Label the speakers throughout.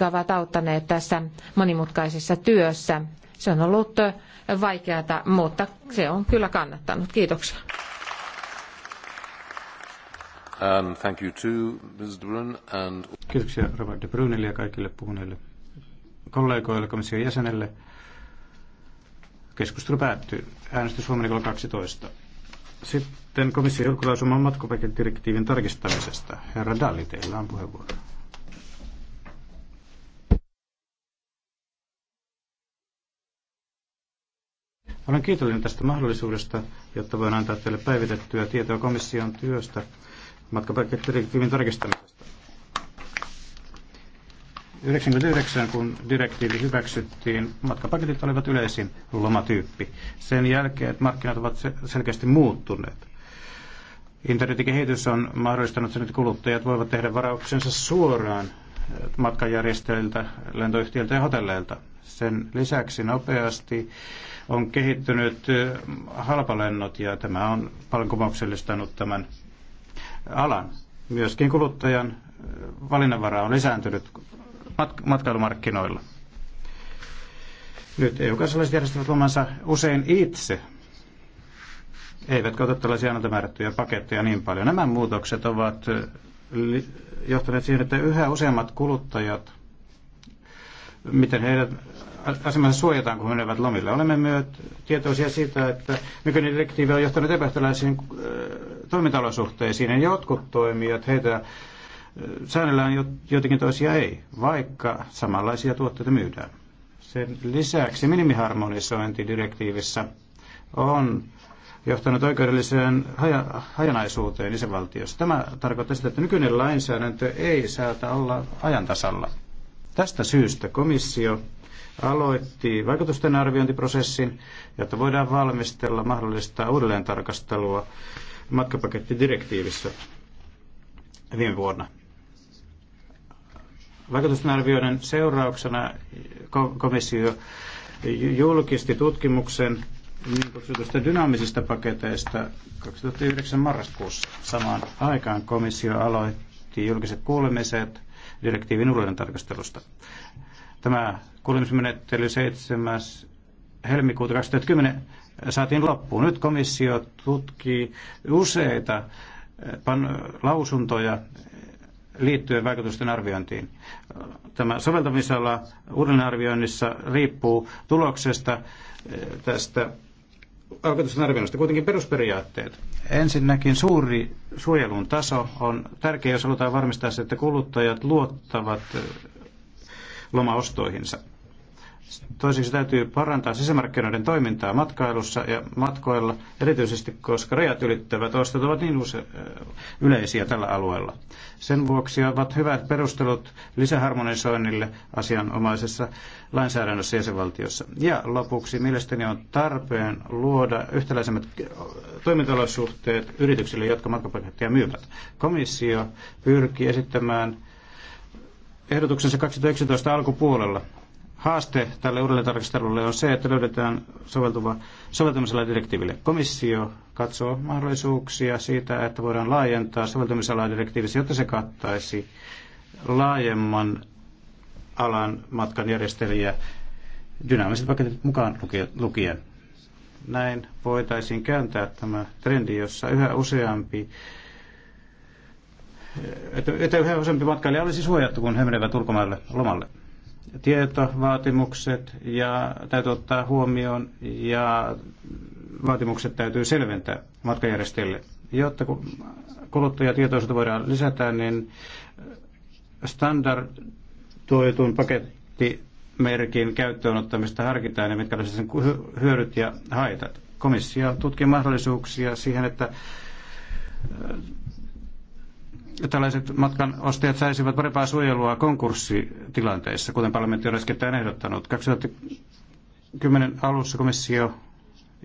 Speaker 1: jotka ovat auttaneet tässä monimutkaisessa työssä. Se on ollut vaikeata, mutta se on kyllä kannattanut. Kiitoksia.
Speaker 2: Um, thank you too, Ms. De Bruyne, and... Kiitoksia Robert De Brunelle ja kaikille puhuneille kollegoille, komission jäsenelle. Keskustelu päättyy. Äänestys huomenna kello 12. Sitten komission julkilausuman matkopakettidirektiivin tarkistamisesta. Herra Dalli, teillä on puheenvuoro. Olen kiitollinen tästä mahdollisuudesta, jotta voin antaa teille päivitettyä tietoa komission työstä matkapaikkadirektiivin tarkistamisesta. 1999, kun direktiivi hyväksyttiin, matkapaketit olivat yleisin lomatyyppi. Sen jälkeen että markkinat ovat selkeästi muuttuneet. Internetin kehitys on mahdollistanut sen, että kuluttajat voivat tehdä varauksensa suoraan eh, matkanjärjestöiltä, lentoyhtiöiltä ja hotelleilta. Sen lisäksi nopeasti on kehittynyt halpalennot ja tämä on vallankumouksellistanut tämän alan. Myöskin kuluttajan valinnanvara on lisääntynyt matkailumarkkinoilla. Nyt EU-kansalaiset järjestävät lomansa usein itse, eivätkä ota tällaisia annalta määrättyjä paketteja niin paljon. Nämä muutokset ovat johtaneet siihen, että yhä useammat kuluttajat, miten heidän asemansa suojataan, kun he menevät lomille. Olemme myös tietoisia siitä, että nykyinen direktiivi on johtanut epähtäläisiin äh, toimintalosuhteisiin ja jotkut toimijat heitä äh, säännellään jotenkin toisia ei, vaikka samanlaisia tuotteita myydään. Sen lisäksi minimiharmonisointi direktiivissä on johtanut oikeudelliseen haja, hajanaisuuteen isävaltiossa. Tämä tarkoittaa sitä, että nykyinen lainsäädäntö ei saata olla ajantasalla. Tästä syystä komissio aloitti vaikutusten arviointiprosessin, jotta voidaan valmistella mahdollista uudelleentarkastelua matkapakettidirektiivissä viime vuonna. Vaikutusten arvioinnin seurauksena komissio julkisti tutkimuksen niin kutsutusta dynaamisista paketeista 2009 marraskuussa. Samaan aikaan komissio aloitti julkiset kuulemiset direktiivin uuden tarkastelusta. Tämä kuulemismenettely 7. helmikuuta 2010 saatiin loppuun. Nyt komissio tutkii useita eh, lausuntoja liittyen vaikutusten arviointiin. Tämä soveltamisala uudelleenarvioinnissa riippuu tuloksesta eh, tästä vaikutusten arvioinnista. Kuitenkin perusperiaatteet. Ensinnäkin suuri suojelun taso on tärkeä, jos halutaan varmistaa se, että kuluttajat luottavat eh, lomaostoihinsa. Toiseksi täytyy parantaa sisämarkkinoiden toimintaa matkailussa ja matkoilla, erityisesti koska rajat ylittävät ostot ovat niin use- yleisiä tällä alueella. Sen vuoksi ovat hyvät perustelut lisäharmonisoinnille asianomaisessa lainsäädännössä jäsenvaltiossa. Ja lopuksi mielestäni on tarpeen luoda yhtäläisemmät toimintalaisuhteet yrityksille, jotka matkapakettia myyvät. Komissio pyrkii esittämään ehdotuksensa 2019 alkupuolella Haaste tälle uudelleentarkastelulle on se, että löydetään soveltuva soveltamisella direktiiville. Komissio katsoo mahdollisuuksia siitä, että voidaan laajentaa soveltamisalaa direktiivissä, jotta se kattaisi laajemman alan matkan järjestelijä dynaamiset paketit mukaan lukien. Näin voitaisiin kääntää tämä trendi, jossa yhä useampi että yhä useampi matkailija olisi suojattu, kun he menevät ulkomaille lomalle tietovaatimukset ja täytyy ottaa huomioon ja vaatimukset täytyy selventää matkajärjestäjille. Jotta kuluttajatietoisuutta voidaan lisätä, niin standardoitun pakettimerkin käyttöönottamista harkitaan ja mitkä olisivat sen hyödyt ja haitat. Komissio tutkii mahdollisuuksia siihen, että tällaiset matkanostajat saisivat parempaa suojelua konkurssitilanteissa, kuten parlamentti on äskettäin ehdottanut. 2010 alussa komissio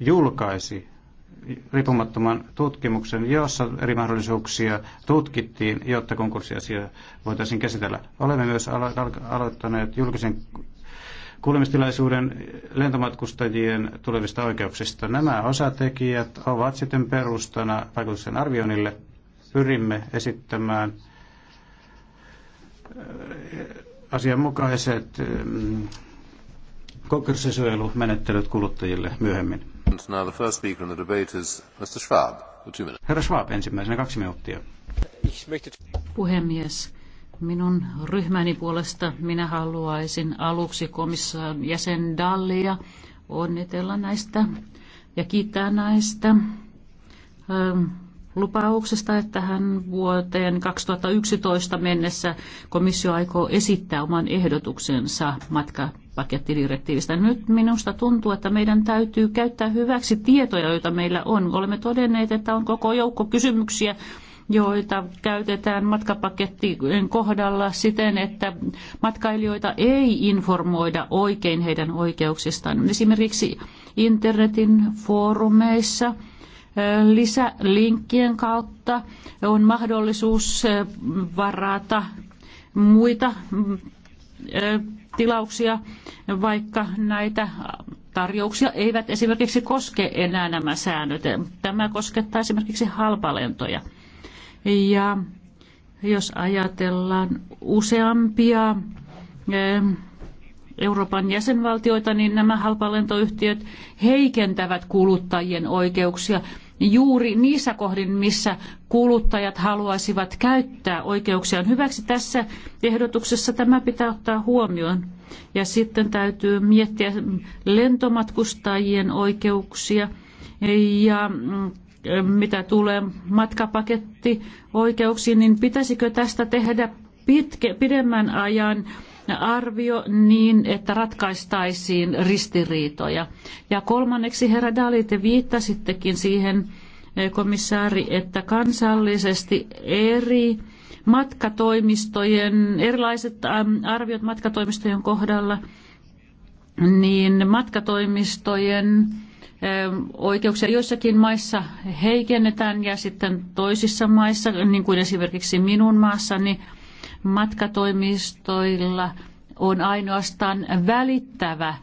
Speaker 2: julkaisi riippumattoman tutkimuksen, jossa eri mahdollisuuksia tutkittiin, jotta konkurssiasia voitaisiin käsitellä. Olemme myös alo- aloittaneet julkisen kuulemistilaisuuden lentomatkustajien tulevista oikeuksista. Nämä osatekijät ovat sitten perustana vaikutusten arvioinnille pyrimme esittämään äh, asianmukaiset ähm, konkurssisuojelumenettelyt kuluttajille myöhemmin. Herra Schwab, ensimmäisenä kaksi minuuttia.
Speaker 3: Puhemies, minun ryhmäni puolesta minä haluaisin aluksi komissaan jäsen Dallia onnitella näistä ja kiittää näistä ähm, lupauksesta, että hän vuoteen 2011 mennessä komissio aikoo esittää oman ehdotuksensa matkapakettidirektiivistä. Nyt minusta tuntuu, että meidän täytyy käyttää hyväksi tietoja, joita meillä on. Olemme todenneet, että on koko joukko kysymyksiä, joita käytetään matkapakettien kohdalla siten, että matkailijoita ei informoida oikein heidän oikeuksistaan. Esimerkiksi internetin foorumeissa – lisälinkkien kautta on mahdollisuus varata muita tilauksia, vaikka näitä tarjouksia eivät esimerkiksi koske enää nämä säännöt. Tämä koskettaa esimerkiksi halpalentoja. Ja jos ajatellaan useampia Euroopan jäsenvaltioita, niin nämä halpalentoyhtiöt heikentävät kuluttajien oikeuksia juuri niissä kohdin, missä kuluttajat haluaisivat käyttää oikeuksiaan hyväksi. Tässä ehdotuksessa tämä pitää ottaa huomioon. Ja sitten täytyy miettiä lentomatkustajien oikeuksia ja mm, mitä tulee matkapakettioikeuksiin, niin pitäisikö tästä tehdä pitke, pidemmän ajan arvio niin, että ratkaistaisiin ristiriitoja. Ja kolmanneksi, herra Dali, te viittasittekin siihen, eh, komissaari, että kansallisesti eri matkatoimistojen, erilaiset arviot matkatoimistojen kohdalla, niin matkatoimistojen eh, oikeuksia joissakin maissa heikennetään ja sitten toisissa maissa, niin kuin esimerkiksi minun maassani, niin matkatoimistoilla on ainoastaan välittävä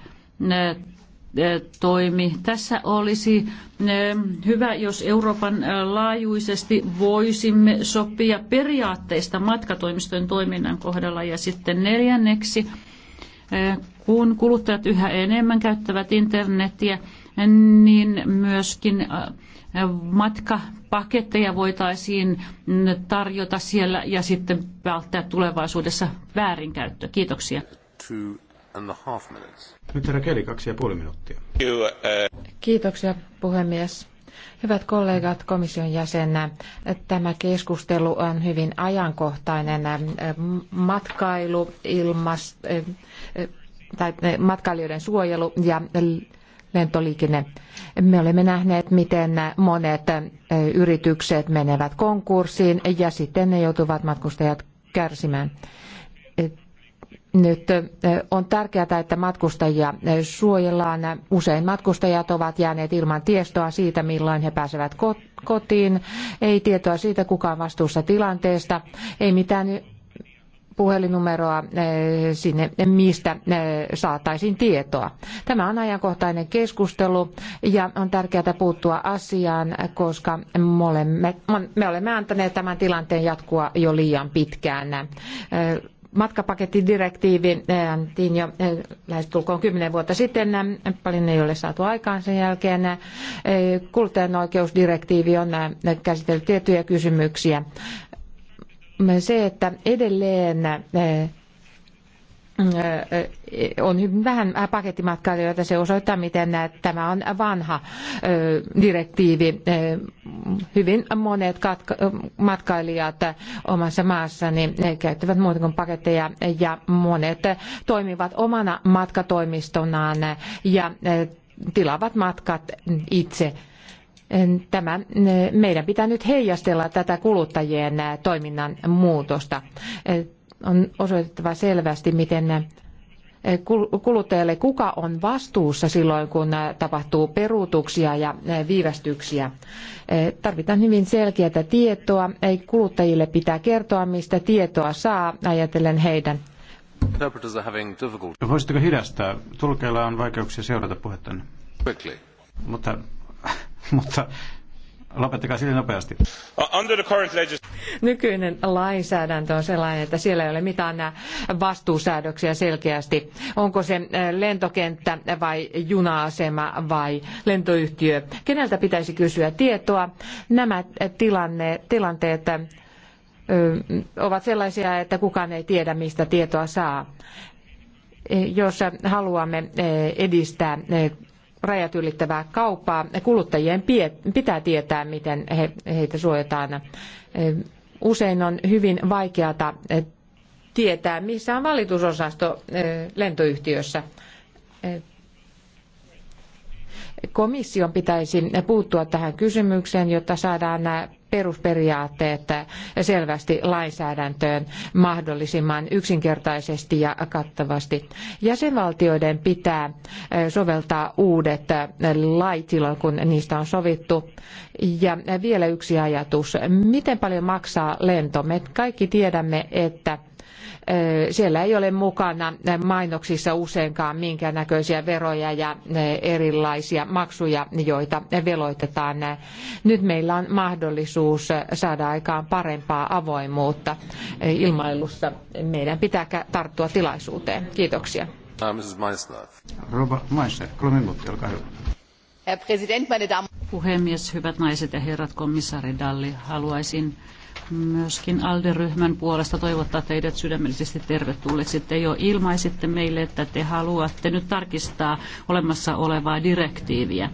Speaker 3: toimi. Tässä olisi hyvä, jos Euroopan laajuisesti voisimme sopia periaatteista matkatoimistojen toiminnan kohdalla. Ja sitten neljänneksi, kun kuluttajat yhä enemmän käyttävät internetiä, niin myöskin matkapaketteja voitaisiin tarjota siellä ja sitten välttää tulevaisuudessa väärinkäyttö. Kiitoksia.
Speaker 2: Nyt herra Keli, kaksi ja puoli minuuttia.
Speaker 1: Kiitoksia puhemies. Hyvät kollegat, komission jäsenä, tämä keskustelu on hyvin ajankohtainen. Matkailu, ilmas, tai eh, matkailijoiden suojelu ja lentoliikenne. Me olemme nähneet, miten monet yritykset menevät konkurssiin ja sitten ne joutuvat matkustajat kärsimään. Nyt on tärkeää, että matkustajia suojellaan. Usein matkustajat ovat jääneet ilman tietoa siitä, milloin he pääsevät kotiin. Ei tietoa siitä, kuka on vastuussa tilanteesta. Ei mitään puhelinnumeroa eh, sinne, mistä eh, saataisiin tietoa. Tämä on ajankohtainen keskustelu ja on tärkeää puuttua asiaan, koska me olemme antaneet tämän tilanteen jatkua jo liian pitkään eh, matkapakettidirektiivi antiin jo lähestulkoon kymmenen vuotta sitten. Paljon ei ole saatu aikaan sen jälkeen. Kuluttajan oikeusdirektiivi on käsitellyt tiettyjä kysymyksiä se, että edelleen äh, äh, on hyvin vähän pakettimatkailijoita. Se osoittaa, miten äh, tämä on vanha direktiivi. Hyvin monet matkailijat omassa maassani käyttävät muuta kuin paketteja ja monet toimivat omana matkatoimistonaan ja tilaavat matkat itse Tämä, meidän pitää nyt heijastella tätä kuluttajien toiminnan muutosta. On osoitettava selvästi, miten kuluttajalle, kuka on vastuussa silloin, kun tapahtuu peruutuksia ja viivästyksiä. Tarvitaan hyvin selkeää tietoa. Ei kuluttajille pitää kertoa, mistä tietoa saa, ajatellen heidän.
Speaker 2: Voisitteko hidastaa? Tulkeilla on vaikeuksia seurata puhetta. Mutta mutta lopettakaa sille nopeasti.
Speaker 1: Nykyinen lainsäädäntö on sellainen, että siellä ei ole mitään nämä äh, vastuusäädöksiä selkeästi. Onko se äh, lentokenttä vai juna-asema vai lentoyhtiö? Keneltä pitäisi kysyä tietoa? Nämä äh, tilanne, tilanteet ovat sellaisia, että kukaan ei tiedä, mistä tietoa saa jos haluamme edistää rajat ylittävää kauppaa. Kuluttajien pitää tietää, miten heitä suojataan. Eh, usein on hyvin vaikeata eh, tietää, missä on valitusosasto eh, lentoyhtiössä. Komission pitäisi puuttua tähän kysymykseen, jotta saadaan perusperiaatteet selvästi lainsäädäntöön mahdollisimman yksinkertaisesti ja kattavasti. Jäsenvaltioiden pitää eh, soveltaa uudet eh, lait silloin, kun niistä on sovittu. Ja eh, vielä yksi ajatus. Miten paljon maksaa lento? Me kaikki tiedämme, että siellä ei ole mukana mainoksissa useinkaan näköisiä veroja ja erilaisia maksuja, joita veloitetaan. Nyt meillä on mahdollisuus saada aikaan parempaa avoimuutta ilmailussa. Meidän pitää tarttua tilaisuuteen.
Speaker 3: Kiitoksia.
Speaker 2: Uh, Rouva
Speaker 3: puhemies, hyvät naiset ja herrat, komissaari Dalli, haluaisin myöskin ALDE-ryhmän puolesta toivottaa teidät sydämellisesti tervetulleeksi. Te jo ilmaisitte meille, että te haluatte nyt tarkistaa olemassa olevaa direktiiviä.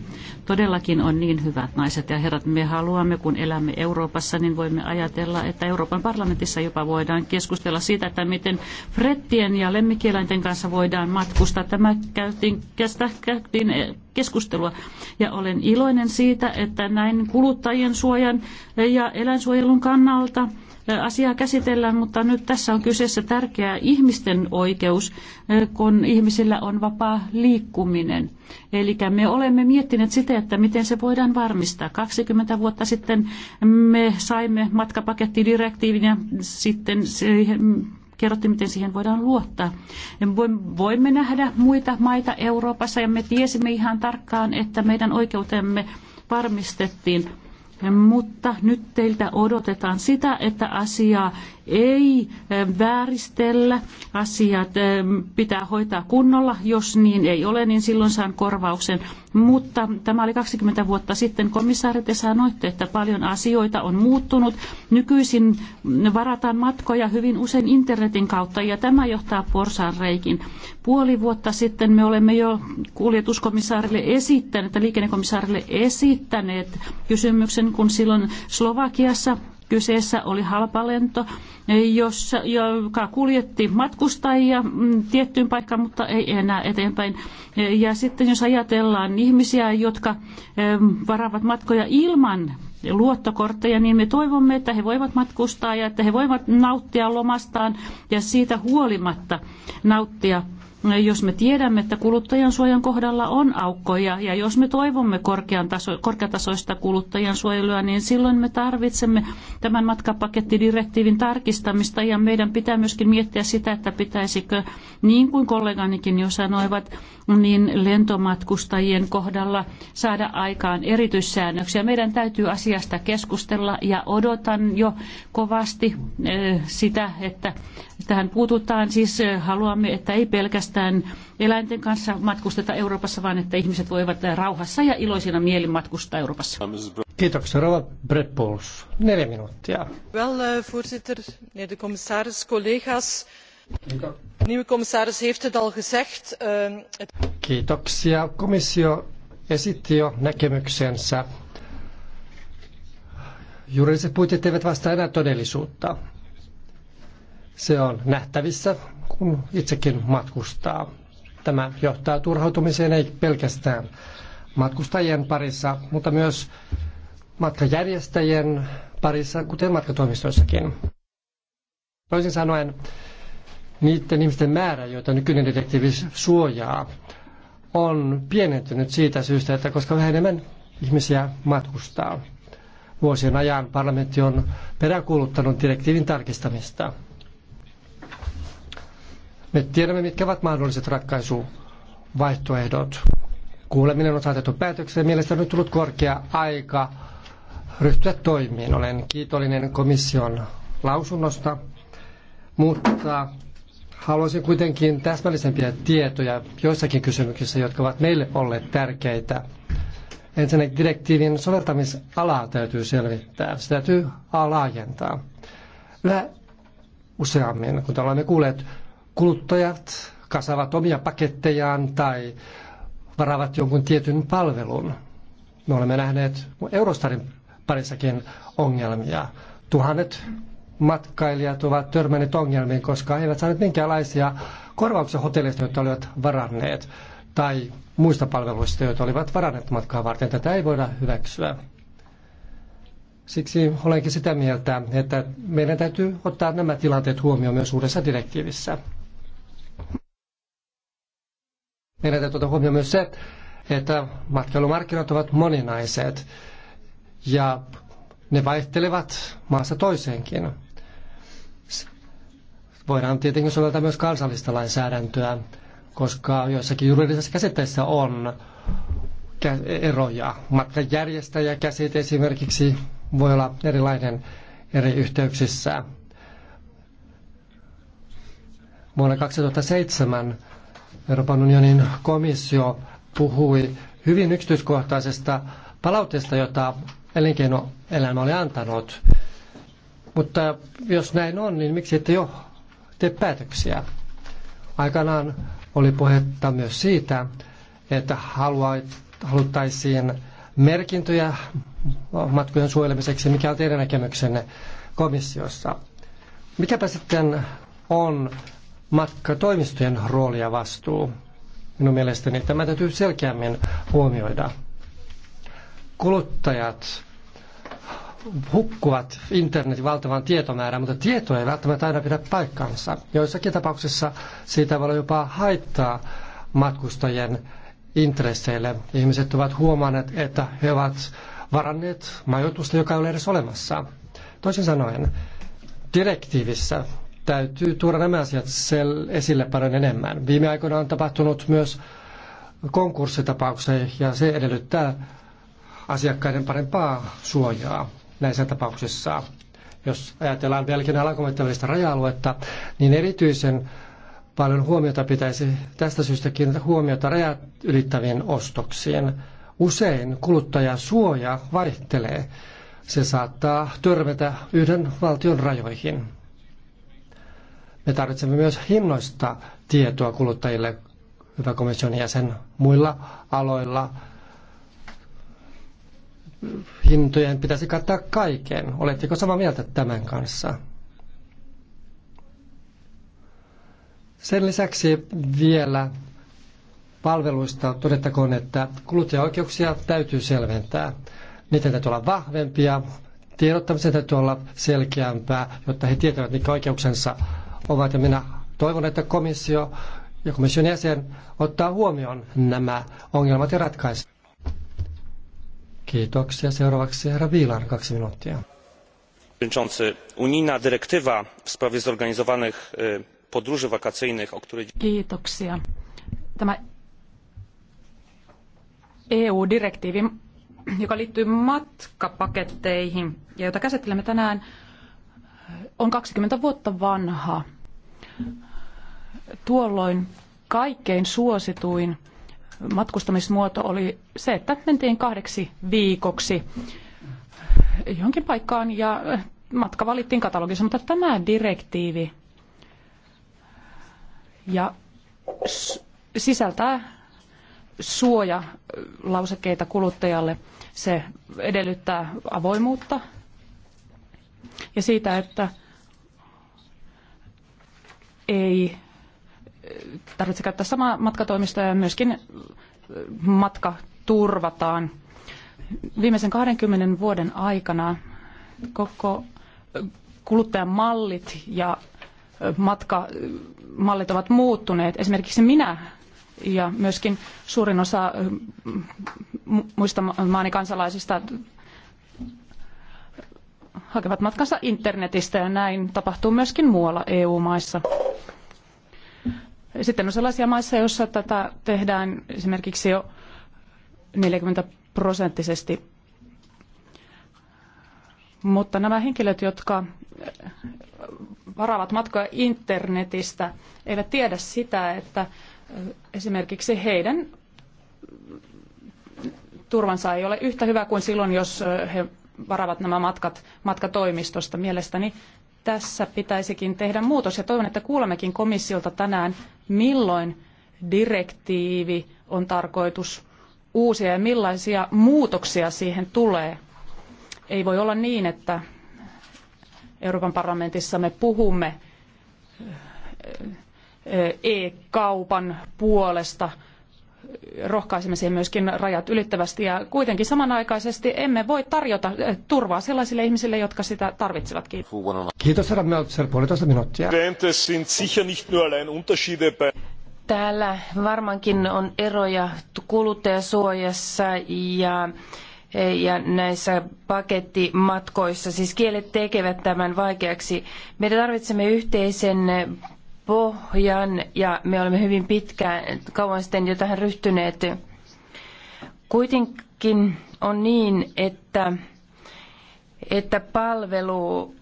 Speaker 3: Todellakin on niin hyvät naiset ja herrat, me haluamme, kun elämme Euroopassa, niin voimme ajatella, että Euroopan parlamentissa jopa voidaan keskustella siitä, että miten frettien ja lemmikkieläinten kanssa voidaan matkustaa. Tämä käytiin, käytiin keskustelua. Ja olen iloinen siitä, että näin kuluttajien suojan ja eläinsuojelun kannalta asiaa käsitellään, mutta nyt tässä on kyseessä tärkeä ihmisten oikeus, kun ihmisillä on vapaa liikkuminen. Eli me olemme miettineet sitä, että miten se voidaan varmistaa. 20 vuotta sitten me saimme matkapakettidirektiivin ja sitten kerrottiin, miten siihen voidaan luottaa. Voimme nähdä muita maita Euroopassa ja me tiesimme ihan tarkkaan, että meidän oikeutemme varmistettiin mutta nyt teiltä odotetaan sitä, että asiaa ei eh, vääristellä, asiat eh, pitää hoitaa kunnolla, jos niin ei ole, niin silloin saan korvauksen. Mutta tämä oli 20 vuotta sitten, komissaari, te sanoitte, että paljon asioita on muuttunut. Nykyisin varataan matkoja hyvin usein internetin kautta ja tämä johtaa porsaan reikin. Puoli vuotta sitten me olemme jo kuljetuskomissaarille esittäneet, liikennekomissaarille esittäneet kysymyksen, kun silloin Slovakiassa Kyseessä oli halpalento, jossa, joka kuljetti matkustajia mm, tiettyyn paikkaan, mutta ei enää eteenpäin. Ja sitten jos ajatellaan ihmisiä, jotka varaavat matkoja ilman luottokortteja, niin me toivomme, että he voivat matkustaa ja että he voivat nauttia lomastaan ja siitä huolimatta nauttia jos me tiedämme, että kuluttajan suojan kohdalla on aukkoja ja jos me toivomme korkean taso, korkeatasoista kuluttajan suojelua, niin silloin me tarvitsemme tämän matkapakettidirektiivin tarkistamista ja meidän pitää myöskin miettiä sitä, että pitäisikö, niin kuin kolleganikin jo sanoivat, niin lentomatkustajien kohdalla saada aikaan erityissäännöksiä. Meidän täytyy asiasta keskustella ja odotan jo kovasti eh, sitä, että tähän puututaan. Siis eh, haluamme, että ei pelkästään pelkästään eläinten kanssa matkusteta Euroopassa, vaan että ihmiset voivat rauhassa ja iloisina
Speaker 4: mielin matkustaa Euroopassa. Kiitoksia, Rova Breppols. Neljä minuuttia.
Speaker 5: Wel, eh, voorzitter, meneer de commissaris, collega's. Nieuwe commissaris heeft het al gezegd. Eh,
Speaker 4: Kiitoksia. Komissio esitti jo näkemyksensä. Juridiset puitteet eivät vastaa enää todellisuutta. Se on nähtävissä kun itsekin matkustaa. Tämä johtaa turhautumiseen ei pelkästään matkustajien parissa, mutta myös matkajärjestäjien parissa, kuten matkatoimistoissakin. Toisin sanoen, niiden ihmisten määrä, joita nykyinen direktiivi suojaa, on pienentynyt siitä syystä, että koska vähän enemmän ihmisiä matkustaa. Vuosien ajan parlamentti on peräkuuluttanut direktiivin tarkistamista. Me tiedämme, mitkä ovat mahdolliset ratkaisuvaihtoehdot. Kuuleminen on saatettu päätökseen. Mielestäni on tullut korkea aika ryhtyä toimiin. Olen kiitollinen komission lausunnosta, mutta haluaisin kuitenkin täsmällisempiä tietoja joissakin kysymyksissä, jotka ovat meille olleet tärkeitä. Ensinnäkin direktiivin soveltamisalaa täytyy selvittää. Se täytyy laajentaa. Yhä useammin, kun olemme kuulleet, kuluttajat kasavat omia pakettejaan tai varaavat jonkun tietyn palvelun. Me olemme nähneet Eurostarin parissakin ongelmia. Tuhannet matkailijat ovat törmänneet ongelmiin, koska he eivät saaneet minkäänlaisia korvauksia hotelleista, joita olivat varanneet, tai muista palveluista, joita olivat varanneet matkaa varten. Tätä ei voida hyväksyä. Siksi olenkin sitä mieltä, että meidän täytyy ottaa nämä tilanteet huomioon myös uudessa direktiivissä. Meidän täytyy ottaa huomioon myös se, että matkailumarkkinat ovat moninaiset ja ne vaihtelevat maassa toiseenkin. Voidaan tietenkin soveltaa myös kansallista lainsäädäntöä, koska joissakin juridisissa käsitteissä on eroja. Matkajärjestäjä käsite esimerkiksi voi olla erilainen eri yhteyksissä. Vuonna 2007 Euroopan unionin komissio puhui hyvin yksityiskohtaisesta palautteesta, jota elinkeinoelämä oli antanut. Mutta jos näin on, niin miksi ette jo tee päätöksiä? Aikanaan oli puhetta myös siitä, että haluttaisiin merkintöjä matkojen suojelemiseksi, mikä on teidän näkemyksenne komissiossa. Mikäpä sitten on matkatoimistojen rooli ja vastuu. Minun mielestäni tämä täytyy selkeämmin huomioida. Kuluttajat hukkuvat internetin valtavan tietomäärän, mutta tieto ei välttämättä aina pidä paikkansa. Joissakin tapauksissa siitä voi olla jopa haittaa matkustajien intresseille. Ihmiset ovat huomanneet, että he ovat varanneet majoitusta, joka ei ole edes olemassa. Toisin sanoen, direktiivissä täytyy tuoda nämä asiat esille paljon enemmän. Viime aikoina on tapahtunut myös konkurssitapauksia ja se edellyttää asiakkaiden parempaa suojaa näissä tapauksissa. Jos ajatellaan Belgian alankomaiden välistä raja-aluetta, niin erityisen paljon huomiota pitäisi tästä syystä kiinnittää huomiota rajat ylittäviin ostoksiin. Usein kuluttajasuoja vaihtelee. Se saattaa törmätä yhden valtion rajoihin. Me tarvitsemme myös hinnoista tietoa kuluttajille, hyvä komission jäsen, muilla aloilla. Hintojen pitäisi kattaa kaiken. Oletteko samaa mieltä tämän kanssa? Sen lisäksi vielä palveluista todettakoon, että kuluttajaoikeuksia täytyy selventää. Niitä täytyy olla vahvempia, tiedottamisen täytyy olla selkeämpää, jotta he tietävät, mitkä oikeuksensa ovat. Ja minä toivon, että komissio ja komission jäsen ottaa huomioon nämä ongelmat ja ratkaisee. Kiitoksia. Seuraavaksi herra Viilar, kaksi minuuttia.
Speaker 2: Unijna dyrektywa w sprawie zorganizowanych podróży wakacyjnych, o której...
Speaker 4: Kiitoksia.
Speaker 6: Tämä EU-direktiivi, joka liittyy matkapaketteihin ja jota käsittelemme tänään, on 20 vuotta vanha. Tuolloin kaikkein suosituin matkustamismuoto oli se, että mentiin kahdeksi viikoksi johonkin paikkaan ja matka valittiin katalogissa, mutta tämä direktiivi ja sisältää suojalausekkeita kuluttajalle. Se edellyttää avoimuutta ja siitä, että ei eh, tarvitse käyttää samaa matkatoimistoa ja myöskin eh, matka turvataan. Viimeisen 20 vuoden aikana koko eh, kuluttajan mallit ja matkamallit ovat muuttuneet. Esimerkiksi minä ja myöskin suurin osa muista maani kansalaisista hakevat matkansa internetistä ja näin tapahtuu myöskin muualla EU-maissa. Sitten on sellaisia maissa, joissa tätä tehdään esimerkiksi jo 40 prosenttisesti. Mutta nämä henkilöt, jotka eh, varaavat matkoja internetistä, eivät tiedä sitä, että eh, esimerkiksi heidän turvansa ei ole yhtä hyvä kuin silloin, jos eh, he varavat nämä matkat matkatoimistosta. Mielestäni tässä pitäisikin tehdä muutos ja toivon, että kuulemmekin komissiolta tänään, milloin direktiivi on tarkoitus uusia ja millaisia muutoksia siihen tulee. Ei voi olla niin, että Euroopan parlamentissa me puhumme e-kaupan puolesta – rohkaisemme siihen myöskin rajat ylittävästi ja kuitenkin samanaikaisesti emme voi tarjota eh, turvaa sellaisille ihmisille, jotka sitä tarvitsevat.
Speaker 4: Kiitos herra Meltzer, puolitoista minuuttia.
Speaker 7: Täällä varmaankin on eroja kuluttajasuojassa ja ja näissä pakettimatkoissa. Siis kielet tekevät tämän vaikeaksi. Me tarvitsemme yhteisen pohjan ja me olemme hyvin pitkään, kauan sitten jo tähän ryhtyneet. Kuitenkin on niin, että, että palvelu,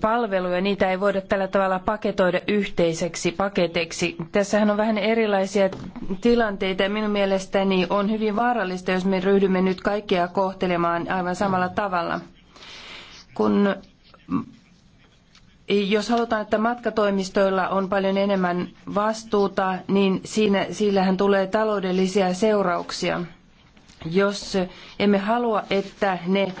Speaker 7: palveluja, niitä ei voida tällä tavalla paketoida yhteiseksi paketeksi. Tässähän on vähän erilaisia tilanteita ja minun mielestäni on hyvin vaarallista, jos me ryhdymme nyt kaikkia kohtelemaan aivan samalla tavalla. Kun jos halutaan, että matkatoimistoilla on paljon enemmän vastuuta, niin siinä, sillähän tulee taloudellisia seurauksia. Jos emme halua, että ne eh,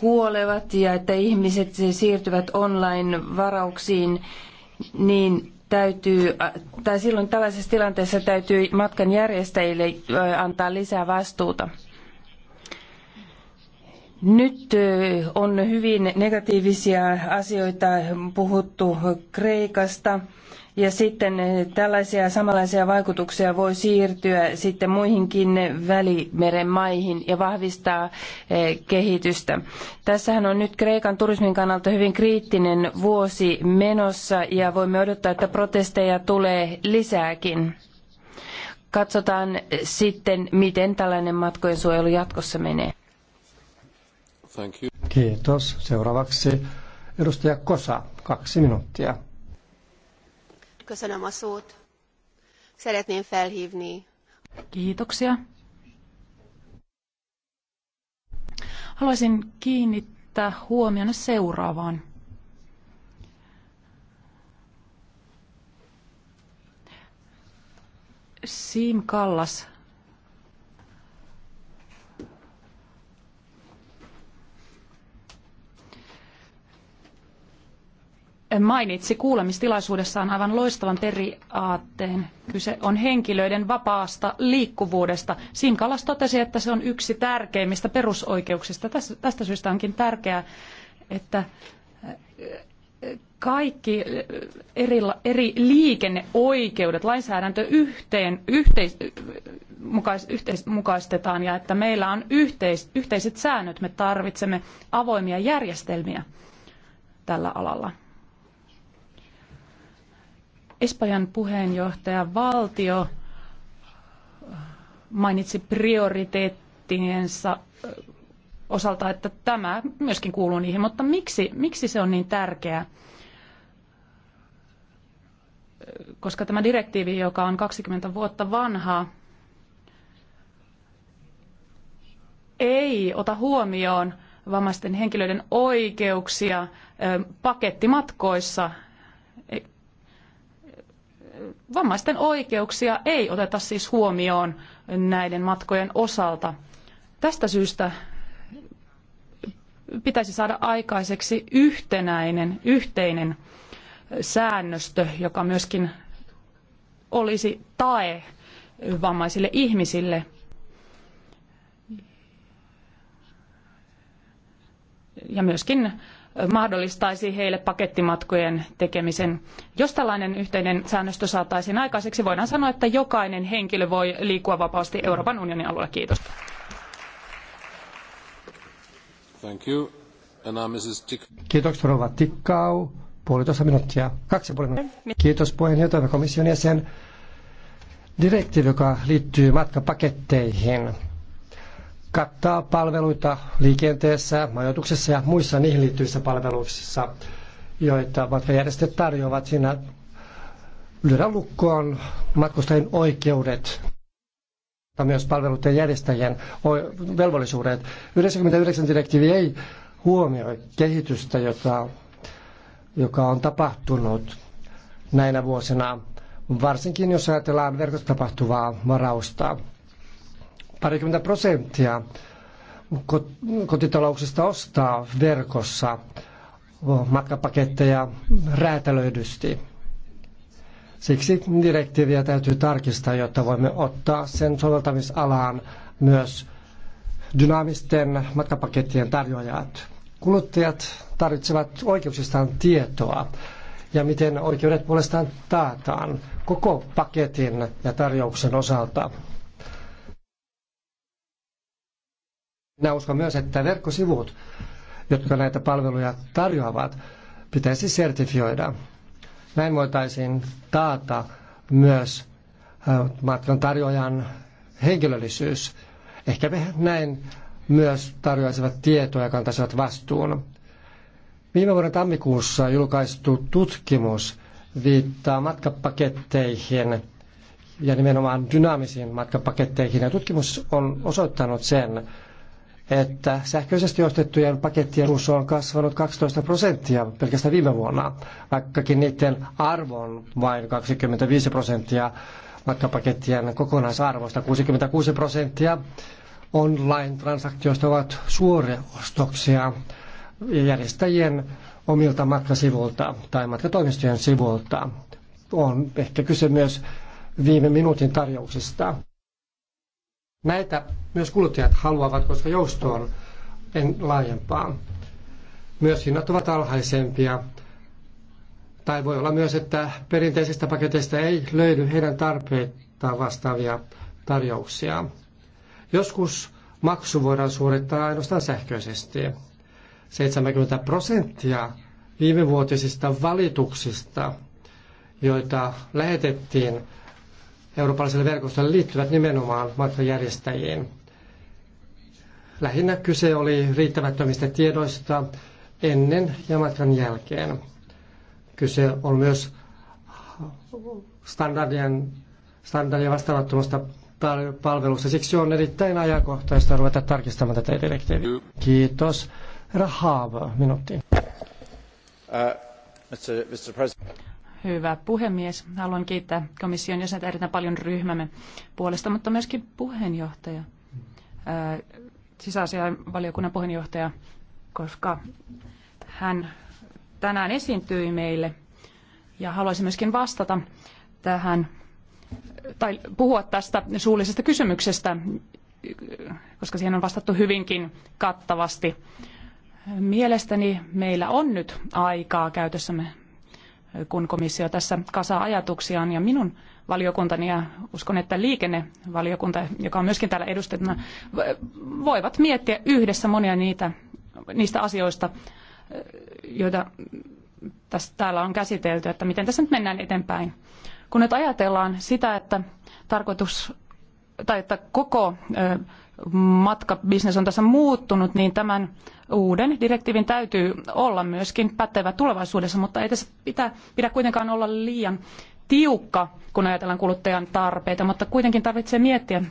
Speaker 7: kuolevat ja että ihmiset siirtyvät online-varauksiin, niin täytyy, tai silloin tällaisessa tilanteessa täytyy matkan järjestäjille eh, antaa lisää vastuuta. Nyt on hyvin negatiivisia asioita puhuttu Kreikasta ja sitten tällaisia samanlaisia vaikutuksia voi siirtyä sitten muihinkin välimeren maihin ja vahvistaa kehitystä. Tässähän on nyt Kreikan turismin kannalta hyvin kriittinen vuosi menossa ja voimme odottaa, että protesteja tulee lisääkin. Katsotaan sitten, miten tällainen matkojen suojelu jatkossa menee.
Speaker 4: Thank you. Kiitos. Seuraavaksi edustaja Kosa, kaksi minuuttia.
Speaker 7: Köszönöm a szót.
Speaker 4: Szeretném felhívni.
Speaker 6: Kiitoksia. Haluaisin kiinnittää huomionne seuraavaan. Siim Kallas mainitsi kuulemistilaisuudessaan aivan loistavan periaatteen. Kyse on henkilöiden vapaasta liikkuvuudesta. Sinkalas totesi, että se on yksi tärkeimmistä perusoikeuksista. Tästä syystä onkin tärkeää, että eh, kaikki eri, eri liikenneoikeudet, lainsäädäntö yhteen, yhteis, mukais, yhteismukaistetaan ja että meillä on yhteis, yhteiset säännöt. Me tarvitsemme avoimia järjestelmiä tällä alalla. Espanjan puheenjohtaja valtio mainitsi prioriteettiensa osalta, että tämä myöskin kuuluu niihin, mutta miksi, miksi se on niin tärkeää? Koska tämä direktiivi, joka on 20 vuotta vanha, ei ota huomioon vammaisten henkilöiden oikeuksia pakettimatkoissa – vammaisten oikeuksia ei oteta siis huomioon näiden matkojen osalta. Tästä syystä pitäisi saada aikaiseksi yhtenäinen, yhteinen säännöstö, joka myöskin olisi tae vammaisille ihmisille. Ja myöskin mahdollistaisi heille pakettimatkojen tekemisen. Jos tällainen yhteinen säännöstö saataisiin aikaiseksi, voidaan sanoa, että jokainen henkilö voi liikkua vapaasti Euroopan unionin alueella. Kiitos.
Speaker 2: Thank you. And now Mrs. Tick.
Speaker 4: Kiitos rouva Tikkau. Puolitoista minuuttia. Kaksi puolitoista minuuttia. Kiitos puheenjohtaja komission jäsen. Direktiivi, joka liittyy matkapaketteihin, kattaa palveluita liikenteessä, majoituksessa ja muissa niihin liittyvissä palveluissa, joita matkajärjestöt tarjoavat. Siinä lyödään lukkoon matkustajien oikeudet ja myös palveluiden järjestäjien velvollisuudet. 99 direktiivi ei huomioi kehitystä, jota, joka on tapahtunut näinä vuosina, varsinkin jos ajatellaan verkossa tapahtuvaa varausta parikymmentä prosenttia kotitalouksista ostaa verkossa matkapaketteja räätälöidysti. Siksi direktiiviä täytyy tarkistaa, jotta voimme ottaa sen soveltamisalaan myös dynaamisten matkapakettien tarjoajat. Kuluttajat tarvitsevat oikeuksistaan tietoa ja miten oikeudet puolestaan taataan koko paketin ja tarjouksen osalta. Minä uskon myös, että verkkosivut, jotka näitä palveluja tarjoavat, pitäisi sertifioida. Näin voitaisiin taata myös matkan tarjoajan henkilöllisyys. Ehkä me näin myös tarjoaisivat tietoa ja kantaisivat vastuun. Viime vuoden tammikuussa julkaistu tutkimus viittaa matkapaketteihin ja nimenomaan dynaamisiin matkapaketteihin. Ja tutkimus on osoittanut sen, että sähköisesti ostettujen pakettien osuus on kasvanut 12 prosenttia pelkästään viime vuonna, vaikkakin niiden arvo on vain 25 prosenttia matkapakettien kokonaisarvosta. 66 prosenttia online-transaktioista ovat suoria ostoksia järjestäjien omilta matkasivuilta tai matkatoimistojen sivuilta. On ehkä kyse myös viime minuutin tarjouksista. Näitä myös kuluttajat haluavat, koska jousto on laajempaa. Myös hinnat ovat alhaisempia. Tai voi olla myös, että perinteisistä paketeista ei löydy heidän tarpeitaan vastaavia tarjouksia. Joskus maksu voidaan suorittaa ainoastaan sähköisesti. 70 prosenttia viimevuotisista valituksista, joita lähetettiin eurooppalaiselle verkostolle liittyvät nimenomaan matkajärjestäjiin. Lähinnä kyse oli riittämättömistä tiedoista ennen ja matkan jälkeen. Kyse on myös standardien, standardien vastaavattomasta palvelusta. Siksi on erittäin ajankohtaista ruveta tarkistamaan tätä direktiiviä. Kiitos. Rahava, minuutti. Uh,
Speaker 2: Mr. Mr. President.
Speaker 6: Hyvä puhemies. Haluan kiittää komission jäsentä erittäin paljon ryhmämme puolesta, mutta myöskin puheenjohtaja, sisäasiainvaliokunnan puheenjohtaja, koska hän tänään esiintyi meille ja haluaisin myöskin vastata tähän tai puhua tästä suullisesta kysymyksestä, koska siihen on vastattu hyvinkin kattavasti. Mielestäni meillä on nyt aikaa käytössämme kun komissio tässä kasaa ajatuksiaan ja minun valiokuntani ja uskon, että liikennevaliokunta, joka on myöskin täällä edustettuna, voivat miettiä yhdessä monia niitä, niistä asioista, joita tässä, täällä on käsitelty, että miten tässä nyt mennään eteenpäin. Kun nyt ajatellaan sitä, että tarkoitus tai että koko matkabisnes on tässä muuttunut, niin tämän uuden direktiivin täytyy olla myöskin pätevä tulevaisuudessa, mutta ei tässä pidä kuitenkaan olla liian tiukka, kun ajatellaan kuluttajan tarpeita, mutta kuitenkin tarvitsee miettiä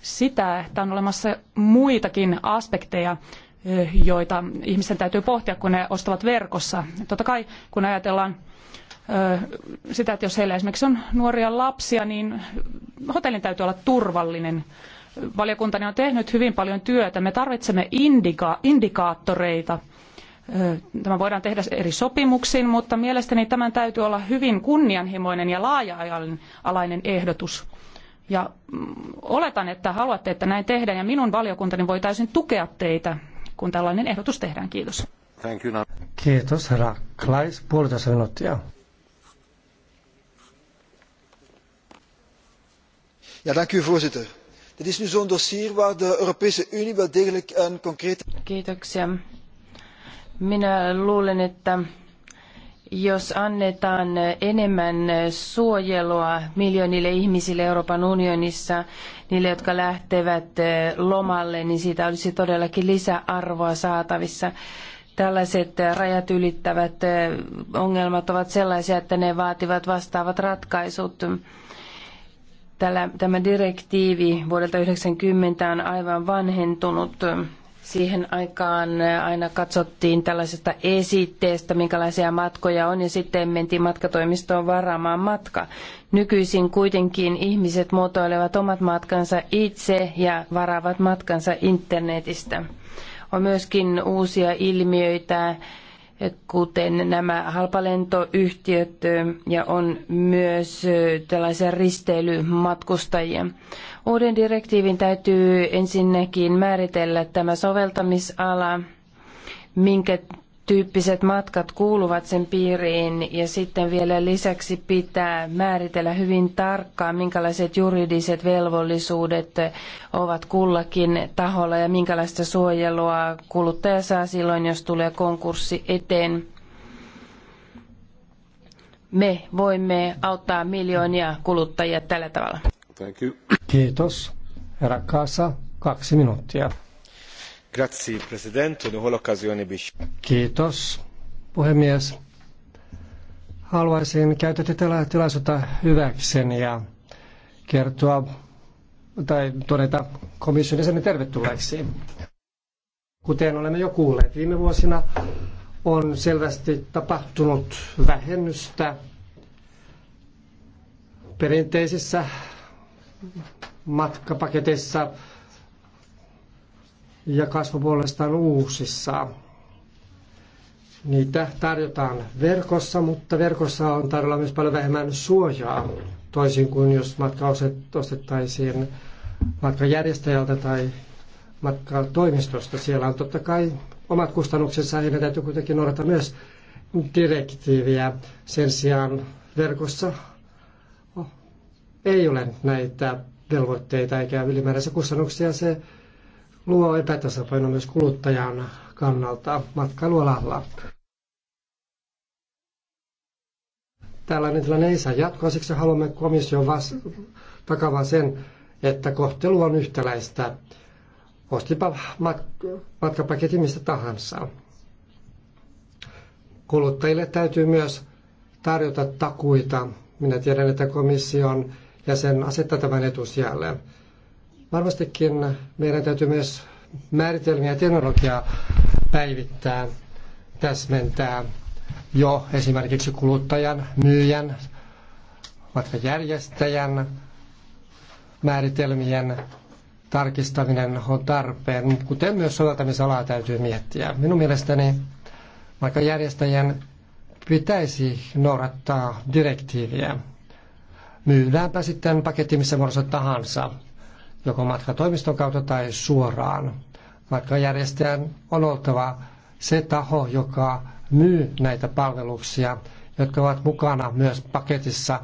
Speaker 6: sitä, että on olemassa muitakin aspekteja, eh, joita ihmisten täytyy pohtia, kun ne ostavat verkossa. Totta kai, kun ajatellaan eh, sitä, että jos heillä esimerkiksi on nuoria lapsia, niin hotellin täytyy olla turvallinen valiokuntani on tehnyt hyvin paljon työtä. Me tarvitsemme indika- indikaattoreita. Tämä voidaan tehdä eri sopimuksiin, mutta mielestäni tämän täytyy olla hyvin kunnianhimoinen ja laaja-alainen ehdotus. Ja mm, oletan, että haluatte, että näin tehdään, ja minun valiokuntani voi täysin tukea teitä, kun tällainen ehdotus tehdään. Kiitos.
Speaker 4: Thank you. Kiitos, herra Klais. Puolitoista minuuttia. Ja, dank u, voorzitter dit is nu zo'n dossier waar de Europese Unie wel degelijk een concrete...
Speaker 7: Kiitoksia. Minä luulen, että jos annetaan enemmän suojelua miljoonille ihmisille Euroopan unionissa, niille, jotka lähtevät lomalle, niin siitä olisi todellakin lisäarvoa saatavissa. Tällaiset rajat ylittävät ongelmat ovat sellaisia, että ne vaativat vastaavat ratkaisut. Tällä, tämä direktiivi vuodelta 90 on aivan vanhentunut. Siihen aikaan aina katsottiin tällaisesta esitteestä, minkälaisia matkoja on, ja sitten mentiin matkatoimistoon varaamaan matka. Nykyisin kuitenkin ihmiset muotoilevat omat matkansa itse ja varaavat matkansa internetistä. On myöskin uusia ilmiöitä, kuten nämä halpalentoyhtiöt ja on myös tällaisia risteilymatkustajia. Uuden direktiivin täytyy ensinnäkin määritellä tämä soveltamisala, minkä tyyppiset matkat kuuluvat sen piiriin ja sitten vielä lisäksi pitää määritellä hyvin tarkkaan, minkälaiset juridiset velvollisuudet ovat kullakin taholla ja minkälaista suojelua kuluttaja saa silloin, jos tulee konkurssi eteen. Me voimme auttaa miljoonia kuluttajia tällä tavalla.
Speaker 4: Kiitos. Herra kaksi minuuttia. Grazie, Kiitos, puhemies. Haluaisin käyttää tätä tilaisuutta hyväkseni ja kertoa tai todeta komission jäsenen tervetulleeksi. Kuten olemme jo kuulleet, viime vuosina on selvästi tapahtunut vähennystä perinteisissä matkapaketeissa ja kasvo puolestaan uusissa. Niitä tarjotaan verkossa, mutta verkossa on tarjolla myös paljon vähemmän suojaa, toisin kuin jos matka ostettaisiin matkajärjestäjältä tai matkatoimistosta. Siellä on totta kai omat kustannuksensa, heidän täytyy kuitenkin noudata myös direktiiviä. Sen sijaan verkossa ei ole näitä velvoitteita eikä ylimääräisiä kustannuksia. Se luo epätasapaino myös kuluttajan kannalta matkailualalla. Tällainen tilanne ei saa jatkoa, siksi haluamme komission vas- sen, että kohtelu on yhtäläistä. Ostipa mat- matkapaketin mistä tahansa. Kuluttajille täytyy myös tarjota takuita. Minä tiedän, että komission jäsen asettaa tämän etusijalle. Varmastikin meidän täytyy myös määritelmiä ja teknologiaa päivittää, täsmentää jo esimerkiksi kuluttajan, myyjän, vaikka järjestäjän määritelmien tarkistaminen on tarpeen, kuten myös soveltamisalaa täytyy miettiä. Minun mielestäni vaikka järjestäjän pitäisi noudattaa direktiiviä. Myydäänpä sitten paketti missä muodossa tahansa joko matkatoimiston kautta tai suoraan. Matkajärjestäjän on oltava se taho, joka myy näitä palveluksia, jotka ovat mukana myös paketissa.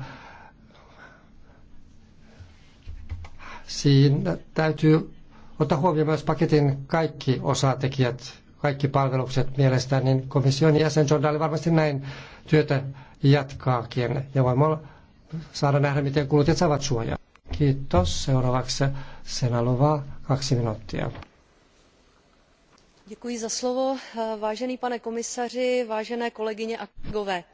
Speaker 4: Siinä täytyy ottaa huomioon myös paketin kaikki osatekijät, kaikki palvelukset mielestäni, niin komission jäsen John Daly varmasti näin työtä jatkaakin. Ja voimme saada nähdä, miten kuluttajat saavat suojaa. Kiitos. Seuraavaksi Senalova, kaksi minuuttia.
Speaker 5: Děkuji za slovo. Vážený pane komisaři, vážené kolegyně a kolegové.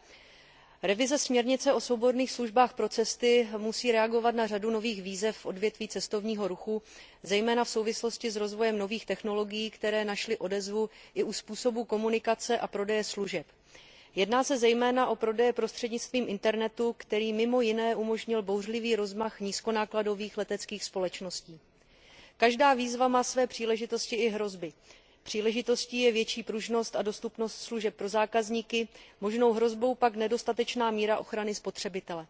Speaker 5: Revize směrnice o svobodných službách pro cesty musí reagovat na řadu nových výzev v odvětví cestovního ruchu, zejména v souvislosti s rozvojem nových technologií, které našly odezvu i u způsobu komunikace a prodeje služeb jedná se zejména o prodeje prostřednictvím internetu který mimo jiné umožnil bouřlivý rozmach nízkonákladových leteckých společností. každá výzva má své příležitosti i hrozby. příležitostí je větší pružnost a dostupnost služeb pro zákazníky možnou hrozbou pak nedostatečná míra ochrany spotřebitele.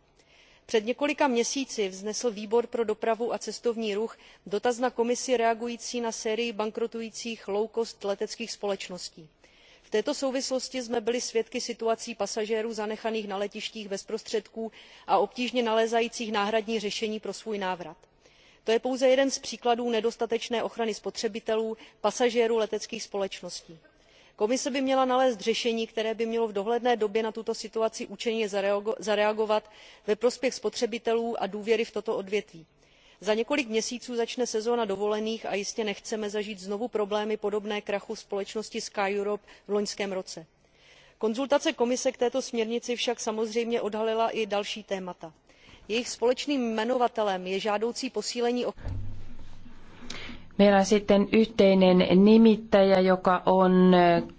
Speaker 5: před několika měsíci vznesl výbor pro dopravu a cestovní ruch dotaz na komisi reagující na sérii bankrotujících low cost leteckých společností této souvislosti jsme byli svědky situací pasažérů zanechaných na letištích bez prostředků a obtížně nalézajících náhradní řešení pro svůj návrat. to je pouze jeden z příkladů nedostatečné ochrany spotřebitelů pasažérů leteckých společností. komise by měla nalézt řešení které by mělo v dohledné době na tuto situaci účinně zareagovat ve prospěch spotřebitelů a důvěry v toto odvětví za několik měsíců začne sezóna dovolených a jistě nechceme zažít znovu problémy podobné krachu společnosti skyeurope v loňském roce. konzultace komise k této směrnici však samozřejmě odhalila i další témata. jejich společným jmenovatelem je žádoucí posílení ochrany
Speaker 7: Meillä on sitten yhteinen nimittäjä, joka on